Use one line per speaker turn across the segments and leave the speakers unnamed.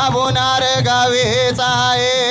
आबोनार गावी आहे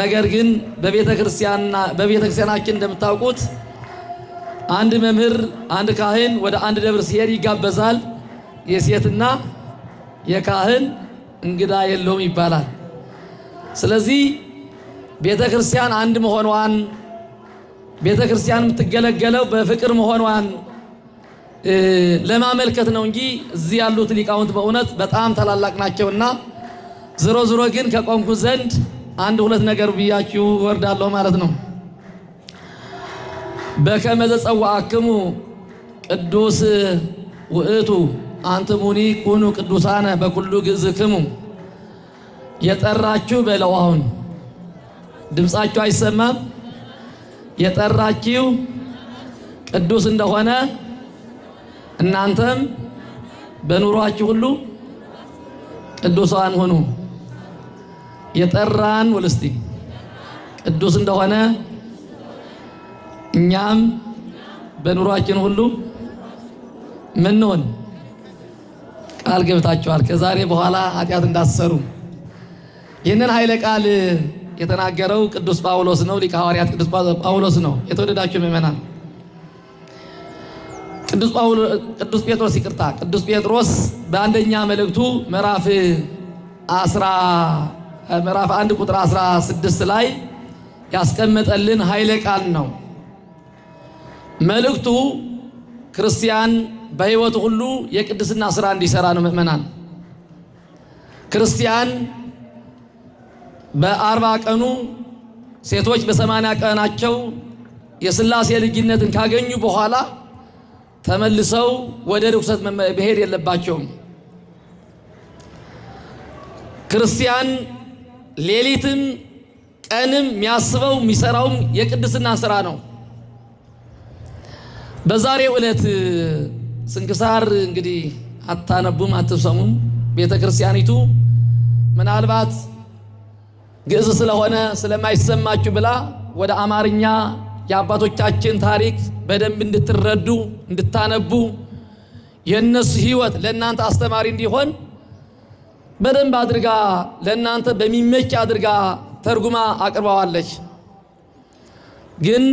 ነገር ግን በቤተ ክርስቲያናችን እንደምታውቁት አንድ መምህር አንድ ካህን ወደ አንድ ደብር ሲሄድ ይጋበዛል። የሴትና የካህን እንግዳ የለውም ይባላል። ስለዚህ ቤተ ክርስቲያን አንድ መሆኗን ቤተ ክርስቲያን የምትገለገለው በፍቅር መሆኗን ለማመልከት ነው እንጂ እዚህ ያሉት ሊቃውንት በእውነት በጣም ታላላቅ ናቸውና ዝሮ ዝሮ ግን ከቆምኩ ዘንድ አንድ ሁለት ነገር ብያችሁ ወርዳለሁ ማለት ነው። በከመዘ ጸዋዕክሙ ቅዱስ ውእቱ አንትሙኒ ኩኑ ቅዱሳነ በኩሉ ግዝክሙ የጠራችሁ በለው። አሁን ድምፃችሁ አይሰማም። የጠራችሁ ቅዱስ እንደሆነ እናንተም በኑሯችሁ ሁሉ ቅዱሳን ሁኑ። የጠራን ወለስቲ ቅዱስ እንደሆነ እኛም በኑሯችን ሁሉ ምንሆን ቃል ገብታችኋል። ከዛሬ በኋላ ኃጢአት እንዳትሰሩ። ይህንን ኃይለ ቃል የተናገረው ቅዱስ ጳውሎስ ነው። ሊቀ ሐዋርያት ቅዱስ ጳውሎስ ነው። የተወደዳችሁ ምእመናን ቅዱስ ጴጥሮስ ይቅርታ፣ ቅዱስ ጴጥሮስ በአንደኛ መልእክቱ ምዕራፍ አስራ ምዕራፍ 1 ቁጥር 16 ላይ ያስቀመጠልን ኃይለ ቃል ነው። መልእክቱ ክርስቲያን በህይወቱ ሁሉ የቅድስና ስራ እንዲሰራ ነው። ምእመናን ክርስቲያን በአርባ ቀኑ ሴቶች በሰማንያ ቀናቸው የሥላሴ ልጅነትን ካገኙ በኋላ ተመልሰው ወደ ርኩሰት መሄድ የለባቸውም። ክርስቲያን ሌሊትም ቀንም የሚያስበው የሚሰራውም የቅድስና ስራ ነው። በዛሬው ዕለት ስንክሳር እንግዲህ አታነቡም፣ አትሰሙም። ቤተ ክርስቲያኒቱ ምናልባት ግዕዝ ስለሆነ ስለማይሰማችሁ ብላ ወደ አማርኛ የአባቶቻችን ታሪክ በደንብ እንድትረዱ እንድታነቡ የእነሱ ህይወት ለእናንተ አስተማሪ እንዲሆን በደንብ አድርጋ ለእናንተ በሚመች አድርጋ ተርጉማ አቅርባዋለች። ግን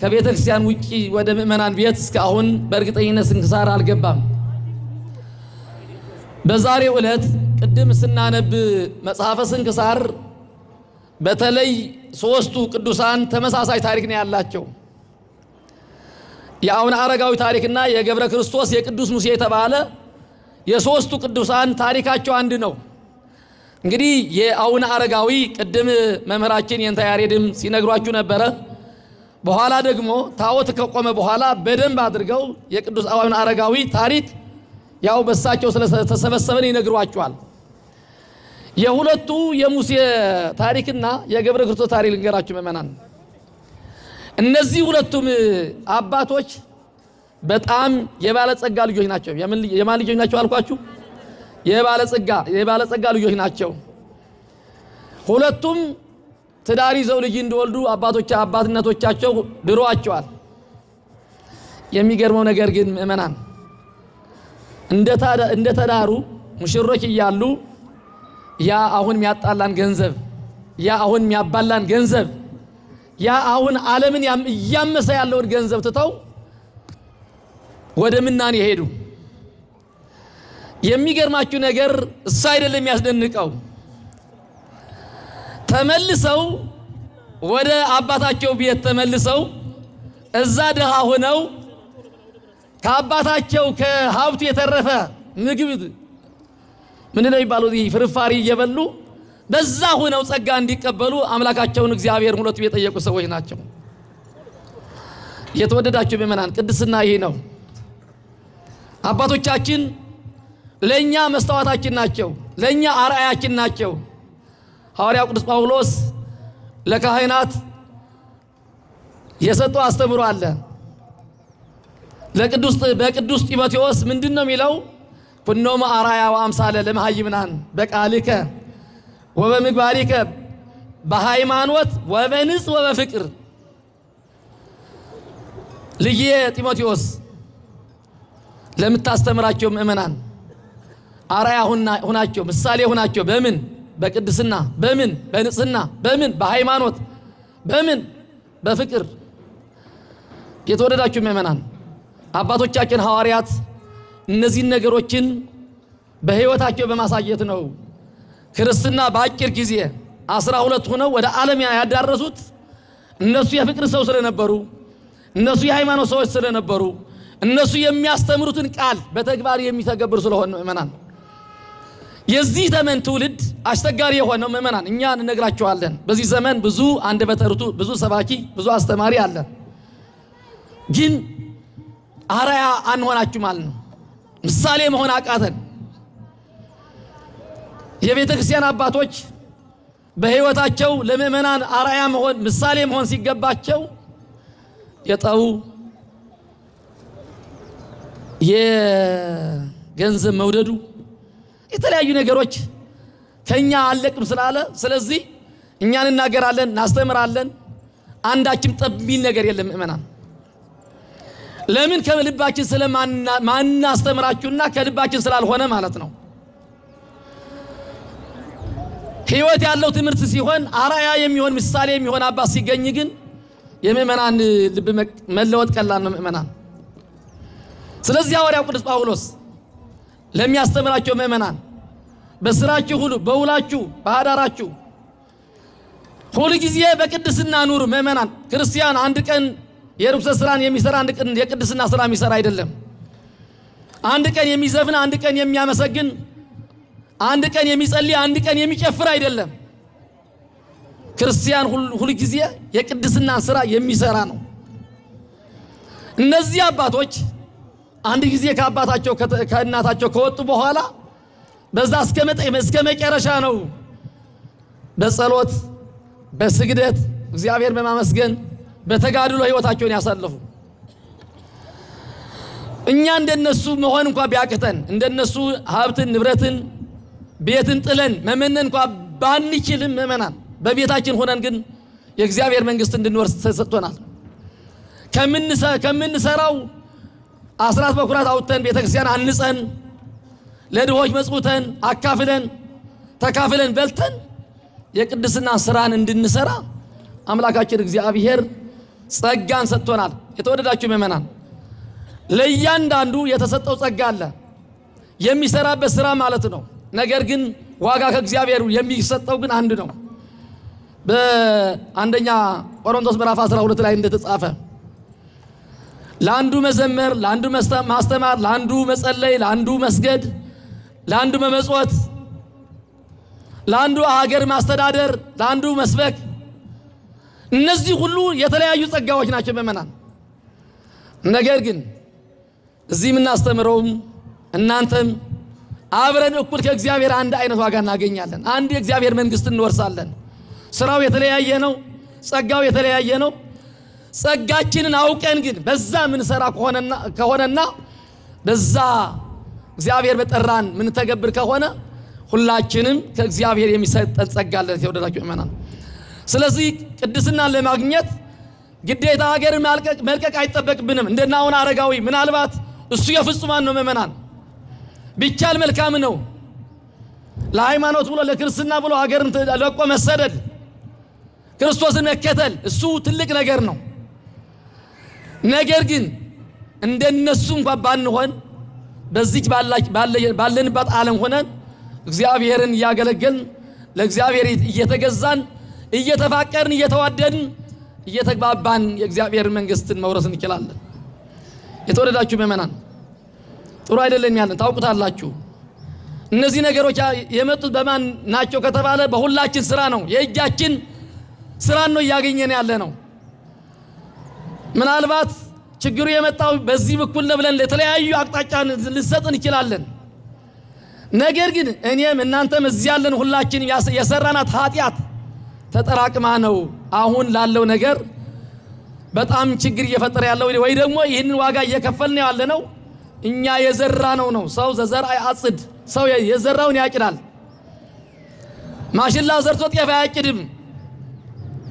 ከቤተ ክርስቲያን ውጪ ወደ ምእመናን ቤት እስካሁን በእርግጠኝነት ስንክሳር አልገባም። በዛሬው ዕለት ቅድም ስናነብ መጽሐፈ ስንክሳር በተለይ ሦስቱ ቅዱሳን ተመሳሳይ ታሪክ ነው ያላቸው። የአቡነ አረጋዊ ታሪክና የገብረ ክርስቶስ የቅዱስ ሙሴ የተባለ የሶስቱ ቅዱሳን ታሪካቸው አንድ ነው። እንግዲህ የአቡነ አረጋዊ ቅድም መምህራችን የእንታ ያሬድም ሲነግሯችሁ ነበረ። በኋላ ደግሞ ታቦት ከቆመ በኋላ በደንብ አድርገው የቅዱስ አቡነ አረጋዊ ታሪክ ያው በሳቸው ስለተሰበሰበን ይነግሯችኋል። የሁለቱ የሙሴ ታሪክና የገብረ ክርስቶስ ታሪክ ልንገራችሁ መመናን እነዚህ ሁለቱም አባቶች በጣም የባለጸጋ ልጆች ናቸው። የማን ልጆች ናቸው አልኳችሁ? የባለጸጋ የባለጸጋ ልጆች ናቸው። ሁለቱም ትዳር ይዘው ልጅ እንዲወልዱ አባቶች አባትነቶቻቸው ድሮዋቸዋል። የሚገርመው ነገር ግን ምእመናን እንደ ተዳሩ ሙሽሮች እያሉ ያ አሁን የሚያጣላን ገንዘብ፣ ያ አሁን የሚያባላን ገንዘብ፣ ያ አሁን ዓለምን እያመሰ ያለውን ገንዘብ ትተው ወደ ምናኔ ሄዱ። የሚገርማችሁ ነገር እሱ አይደለም የሚያስደንቀው። ተመልሰው ወደ አባታቸው ቤት ተመልሰው እዛ ድሃ ሆነው ከአባታቸው ከሀብቱ የተረፈ ምግብ ምንድን ነው የሚባለው ፍርፋሪ እየበሉ በዛ ሆነው ጸጋ እንዲቀበሉ አምላካቸውን እግዚአብሔር ሁለቱ የጠየቁ ሰዎች ናቸው። የተወደዳቸው ምእመናን ቅድስና ይሄ ነው። አባቶቻችን ለእኛ መስታወታችን ናቸው፣ ለእኛ አርአያችን ናቸው። ሐዋርያው ቅዱስ ጳውሎስ ለካህናት የሰጠው አስተምሮ አለ። ለቅዱስ በቅዱስ ጢሞቴዎስ ምንድን ነው የሚለው? ኩኖሙ አርአያ ወአምሳለ ለመሃይምናን በቃልከ ወበምግባሪከ በሃይማኖት ወበንጽ ወበፍቅር ልዬ ጢሞቴዎስ ለምታስተምራቸው ምእመናን አርአያ ሁናቸው፣ ምሳሌ ሁናቸው። በምን በቅድስና፣ በምን በንጽህና፣ በምን በሃይማኖት፣ በምን በፍቅር። የተወደዳችሁ ምእመናን አባቶቻችን ሐዋርያት እነዚህን ነገሮችን በህይወታቸው በማሳየት ነው ክርስትና በአጭር ጊዜ አስራ ሁለት ሆነው ወደ ዓለም ያዳረሱት። እነሱ የፍቅር ሰው ስለነበሩ፣ እነሱ የሃይማኖት ሰዎች ስለነበሩ እነሱ የሚያስተምሩትን ቃል በተግባር የሚተገብሩ ስለሆነ ምእመናን የዚህ ዘመን ትውልድ አስቸጋሪ የሆነው ምእመናን እኛ እንነግራቸዋለን። በዚህ ዘመን ብዙ አንደበተ ርቱዕ፣ ብዙ ሰባኪ፣ ብዙ አስተማሪ አለ። ግን አርአያ አንሆናችሁ ማለት ነው። ምሳሌ መሆን አቃተን። የቤተ ክርስቲያን አባቶች በሕይወታቸው ለምእመናን አርአያ መሆን ምሳሌ መሆን ሲገባቸው የጠው የገንዘብ መውደዱ የተለያዩ ነገሮች ከኛ አለቅም ስላለ፣ ስለዚህ እኛ እንናገራለን፣ እናስተምራለን። አንዳችም ጠብ የሚል ነገር የለም። ምእመናን ለምን ከልባችን ስለማናስተምራችሁና ከልባችን ስላልሆነ ማለት ነው። ህይወት ያለው ትምህርት ሲሆን አራያ የሚሆን ምሳሌ የሚሆን አባት ሲገኝ ግን የምእመናን ልብ መለወጥ ቀላል ነው። ምእመናን ስለዚህ ሐዋርያው ቅዱስ ጳውሎስ ለሚያስተምራቸው ምእመናን በስራችሁ ሁሉ በውላችሁ በአዳራችሁ ሁል ጊዜ በቅድስና ኑሩ። ምእመናን ክርስቲያን አንድ ቀን የርኩሰት ስራን የሚሰራ አንድ ቀን የቅድስና ስራ የሚሰራ አይደለም። አንድ ቀን የሚዘፍን፣ አንድ ቀን የሚያመሰግን፣ አንድ ቀን የሚጸልይ፣ አንድ ቀን የሚጨፍር አይደለም። ክርስቲያን ሁል ጊዜ የቅድስናን ስራ የሚሰራ ነው። እነዚህ አባቶች አንድ ጊዜ ከአባታቸው ከእናታቸው ከወጡ በኋላ በዛ እስከ መጨረሻ ነው። በጸሎት በስግደት እግዚአብሔር በማመስገን በተጋድሎ ህይወታቸውን ያሳለፉ። እኛ እንደነሱ መሆን እንኳ ቢያቅተን እንደነሱ ሀብትን ንብረትን ቤትን ጥለን መመነን እንኳ ባንችልም መመናን በቤታችን ሆነን ግን የእግዚአብሔር መንግስት እንድንወርስ ተሰጥቶናል ከምንሰራው አስራት በኩራት አውጥተን ቤተክርስቲያን አንጸን ለድሆች መጽውተን አካፍለን ተካፍለን በልተን የቅድስና ስራን እንድንሰራ አምላካችን እግዚአብሔር ጸጋን ሰጥቶናል። የተወደዳችሁ ምእመናን ለእያንዳንዱ የተሰጠው ጸጋ አለ፣ የሚሰራበት ስራ ማለት ነው። ነገር ግን ዋጋ ከእግዚአብሔሩ የሚሰጠው ግን አንድ ነው። በአንደኛ ቆሮንቶስ ምዕራፍ 12 ላይ እንደተጻፈ ለአንዱ መዘመር፣ ለአንዱ ማስተማር፣ ለአንዱ መጸለይ፣ ለአንዱ መስገድ፣ ለአንዱ መመጽወት፣ ለአንዱ ሀገር ማስተዳደር፣ ለአንዱ መስበክ፣ እነዚህ ሁሉ የተለያዩ ጸጋዎች ናቸው ምእመናን። ነገር ግን እዚህ የምናስተምረውም እናንተም አብረን እኩል ከእግዚአብሔር አንድ አይነት ዋጋ እናገኛለን። አንድ የእግዚአብሔር መንግስት እንወርሳለን። ስራው የተለያየ ነው። ጸጋው የተለያየ ነው። ጸጋችንን አውቀን ግን በዛ ምንሰራ ከሆነና በዛ እግዚአብሔር በጠራን ምንተገብር ከሆነ ሁላችንም ከእግዚአብሔር የሚሰጠን ጸጋ አለ። የተወደዳችሁ ምእመናን፣ ስለዚህ ቅድስናን ለማግኘት ግዴታ ሀገር መልቀቅ አይጠበቅብንም። እንደና አሁን አረጋዊ ምናልባት እሱ የፍጹማን ነው። ምእመናን፣ ቢቻል መልካም ነው ለሃይማኖት ብሎ ለክርስትና ብሎ ሀገርን ለቆ መሰደድ ክርስቶስን መከተል እሱ ትልቅ ነገር ነው። ነገር ግን እንደነሱ እንኳን ባንሆን በዚች ባለንበት ዓለም ሆነን እግዚአብሔርን እያገለገልን ለእግዚአብሔር እየተገዛን እየተፋቀርን እየተዋደድን እየተግባባን የእግዚአብሔር መንግስትን መውረስ እንችላለን። የተወደዳችሁ ምእመናን ጥሩ አይደለም ያለን ታውቁታላችሁ። እነዚህ ነገሮች የመጡት በማን ናቸው ከተባለ በሁላችን ስራ ነው። የእጃችን ስራን ነው እያገኘን ያለ ነው። ምናልባት ችግሩ የመጣው በዚህ በኩል ነው ብለን ለተለያዩ አቅጣጫ ልሰጥን እንችላለን። ነገር ግን እኔም እናንተም እዚህ ያለን ሁላችን የሰራናት ኃጢአት ተጠራቅማ ነው አሁን ላለው ነገር በጣም ችግር እየፈጠረ ያለው ወይ ደግሞ ይህንን ዋጋ እየከፈልን ያለ ነው። እኛ የዘራ ነው ነው ሰው ዘዘር አያጽድ ሰው የዘራውን ያጭዳል። ማሽላ ዘርቶ ጤፍ አያጭድም።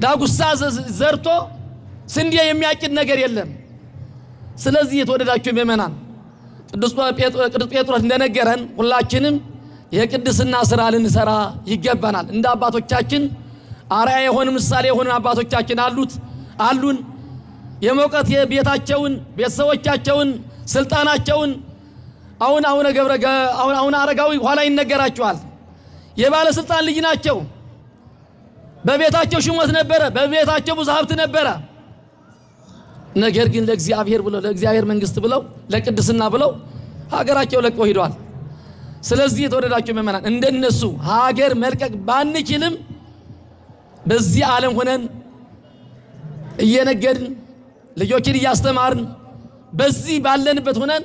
ዳጉሳ ዘርቶ ስንዴ የሚያጭድ ነገር የለም። ስለዚህ የተወደዳችሁ ምእመናን ቅዱስ ጴጥሮስ እንደነገረን ሁላችንም የቅድስና ስራ ልንሰራ ይገባናል። እንደ አባቶቻችን አርአያ የሆኑ ምሳሌ የሆኑ አባቶቻችን አሉት አሉን የመውቀት የቤታቸውን ቤተሰቦቻቸውን ስልጣናቸውን አሁን አቡነ ገብረ አሁን አሁን አረጋዊ ኋላ ይነገራቸዋል። የባለስልጣን ልጅ ናቸው። በቤታቸው ሹመት ነበረ። በቤታቸው ብዙ ሀብት ነበረ። ነገር ግን ለእግዚአብሔር ብለው ለእግዚአብሔር መንግስት ብለው ለቅድስና ብለው ሀገራቸው ለቀው ሂደዋል። ስለዚህ የተወደዳቸው ምእመናን እንደነሱ ሀገር መልቀቅ ባንችልም በዚህ ዓለም ሆነን እየነገድን ልጆችን እያስተማርን በዚህ ባለንበት ሆነን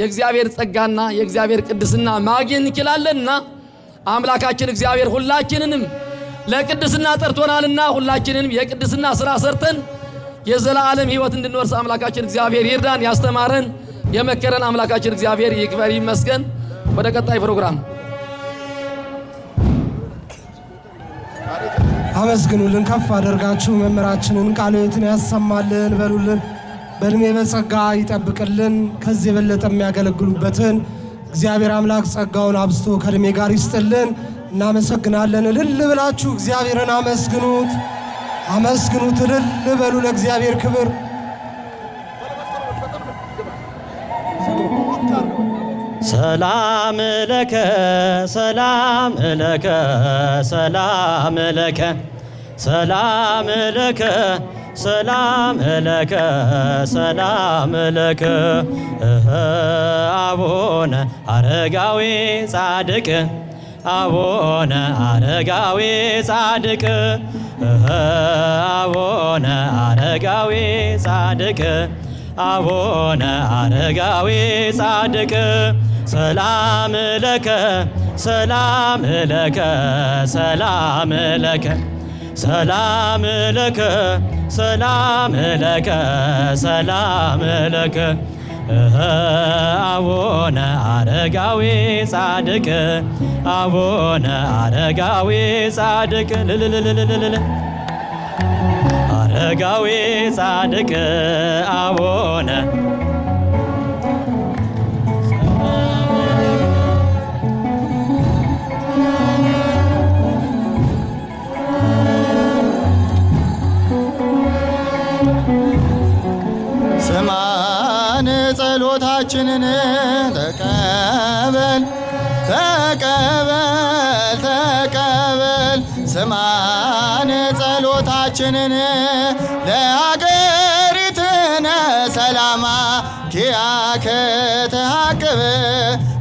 የእግዚአብሔር ጸጋና የእግዚአብሔር ቅድስና ማግኘት እንችላለንና አምላካችን እግዚአብሔር ሁላችንንም ለቅድስና ጠርቶናልና ሁላችንንም የቅድስና ስራ ሰርተን የዘላለም ሕይወት እንድንወርስ አምላካችን እግዚአብሔር ይርዳን። ያስተማረን የመከረን አምላካችን እግዚአብሔር ይክበር ይመስገን። ወደ ቀጣይ ፕሮግራም
አመስግኑልን፣ ከፍ አድርጋችሁ መምህራችንን ቃለ ሕይወትን ያሰማልን በሉልን። በእድሜ በጸጋ ይጠብቅልን። ከዚህ የበለጠ የሚያገለግሉበትን እግዚአብሔር አምላክ ጸጋውን አብዝቶ ከእድሜ ጋር ይስጥልን። እናመሰግናለን። እልል ብላችሁ እግዚአብሔርን አመስግኑት። አመስግኑ፣ ትልል በሉ ለእግዚአብሔር ክብር።
ሰላም ለከ ሰላም ለከ ሰላም ለከ ሰላም ለከ ሰላም ለከ ሰላም ለከ አቡነ አረጋዊ ጻድቅ አቡነ አረጋዊ ጻድቅ አቡነ አረጋዊ ጻድቅ አቡነ አረጋዊ ጻድቅ ሰላም ለከ ሰላም ለከ ሰላም ለከ ሰላም ለከ ሰላም ለከ ሰላም ለከ አቡነ አረጋዊ ጻድቅ አቡነ አረጋዊ ጻድቅ ልልልልልልል አረጋዊ ጻድቅ አቡነ ብለን ጸሎታችንን ተቀበል ተቀበል ተቀበል ስማን ጸሎታችንን ለአገሪትነ ሰላማ ኪያከ ተሃቅብ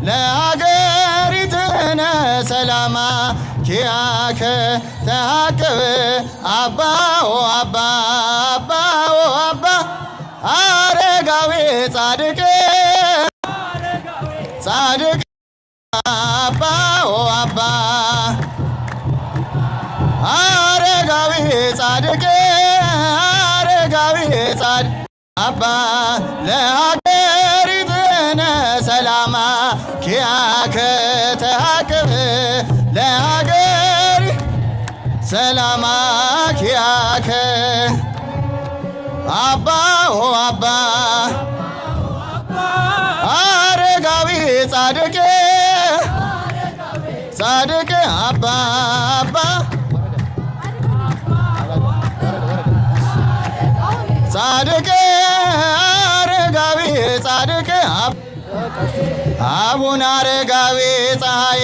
ለአገሪትነ ሰላማ ኪያከ ተሃቅብ አባኦ አባ ጻድቅ አረጋዊ ጻድቅ አባ ለሀገሪትነ ሰላማ ኪያከ ተሃቅብ ለሀገሪ ሰላማ ኪያከ አባ ሆ አባ አረጋዊ ጻድቅ ጻድቅ አባ አባ ጻድቅ አረጋዊ ጻድቅ አቡነ አረጋዊ ፀሐይ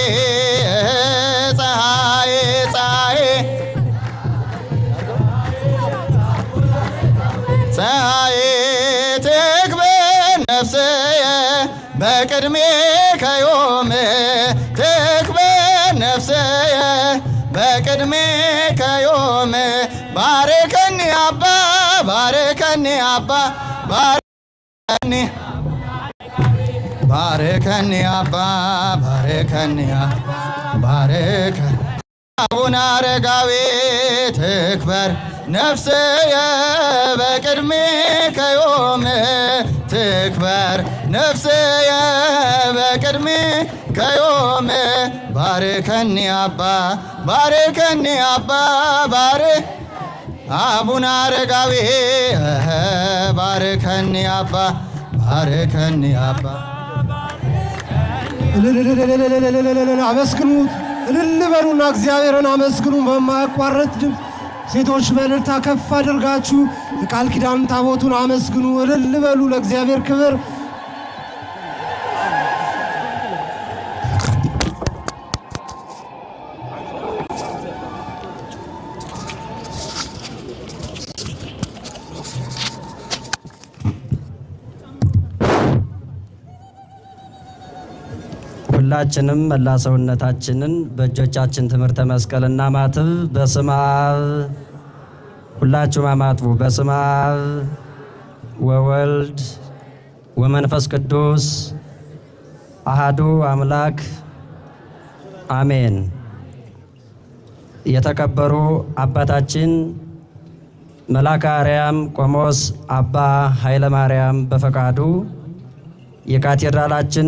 ፀሐይ ፀሐይ ፀሐይ ትክብን ነፍስየ በቅድሜ ከዮም ትክብን ነፍስየ በቅድሜ ከዮም ባርክን አባ ባርከኒ አባ ባርከኒ ባርከኒ አባ ባርከኒ ባርከ አቡነ አረጋዊ ትክበር ነፍስየ በቅድሜከ ዮም ትክበር ነፍስየ በቅድሜከ ዮም ባርከኒ አባ ባርከኒ አባ ባር አቡነ አረጋዊ ባርከኒ አባ ባርከኒ አባ አመስግኑት፣ እልል በሉና እግዚአብሔርን አመስግኑ በማያቋርጥ ድምፅ። ሴቶች በእልልታ ከፍ አድርጋችሁ የቃል ኪዳን ታቦቱን አመስግኑ፣ እልል በሉ ለእግዚአብሔር ክብር ሁላችንም መላ ሰውነታችንን በእጆቻችን ትምህርተ መስቀል ማትብ በስመ አብ ሁላችሁም አማትቡ። በስመ አብ ወወልድ ወመንፈስ ቅዱስ አህዱ አምላክ አሜን። የተከበሩ አባታችን መላከ አርያም ቆሞስ አባ ኃይለ ማርያም በፈቃዱ የካቴድራላችን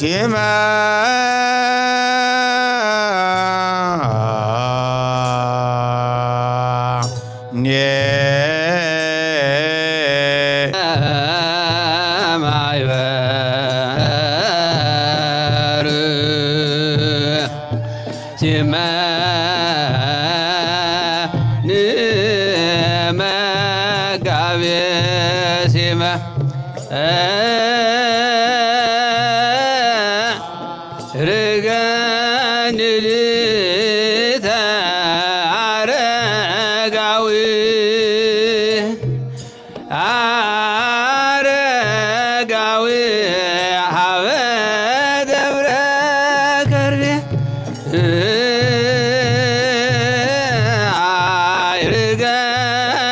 Simmer.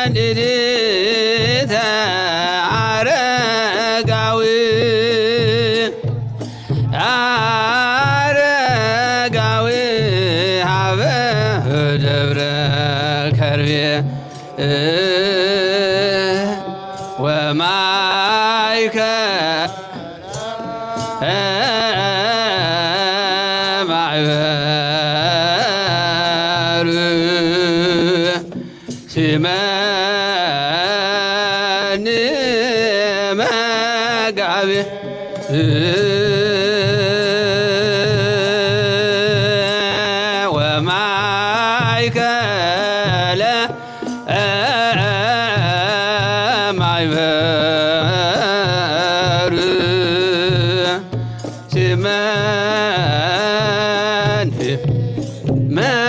and it is. Man.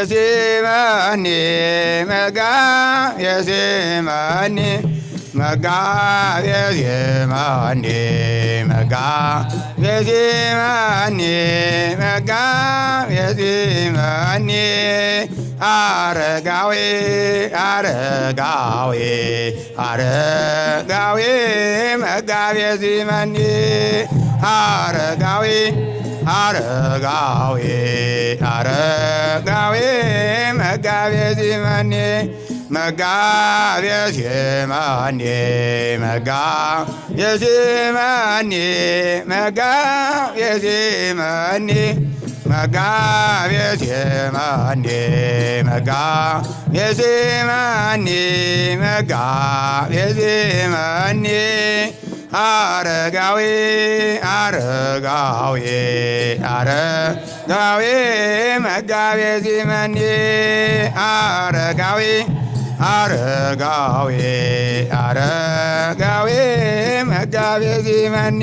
የሲመኒ መጋ የሲመኒ መጋ የሲመኒ መጋ የሲመኒ መጋ የሲመኒ አረጋዊ አረጋዊ አረጋዊ መጋ የሲመኒ አረጋዊ አረጋዊ አረጋዊ መጋቤ ዚመኔ መጋቤ ዚመኔ መጋቤ ዚመኔ መጋቤ ዚመኔ መጋቤ ዚመኔ መጋቤ ዚመኔ መጋቤ ዚመኔ አረጋዊ አረጋዊ አረጋዊ መጋቤ ዚመኒ አረጋዊ አረጋዊ አረጋዊ መጋቤ ዚመኒ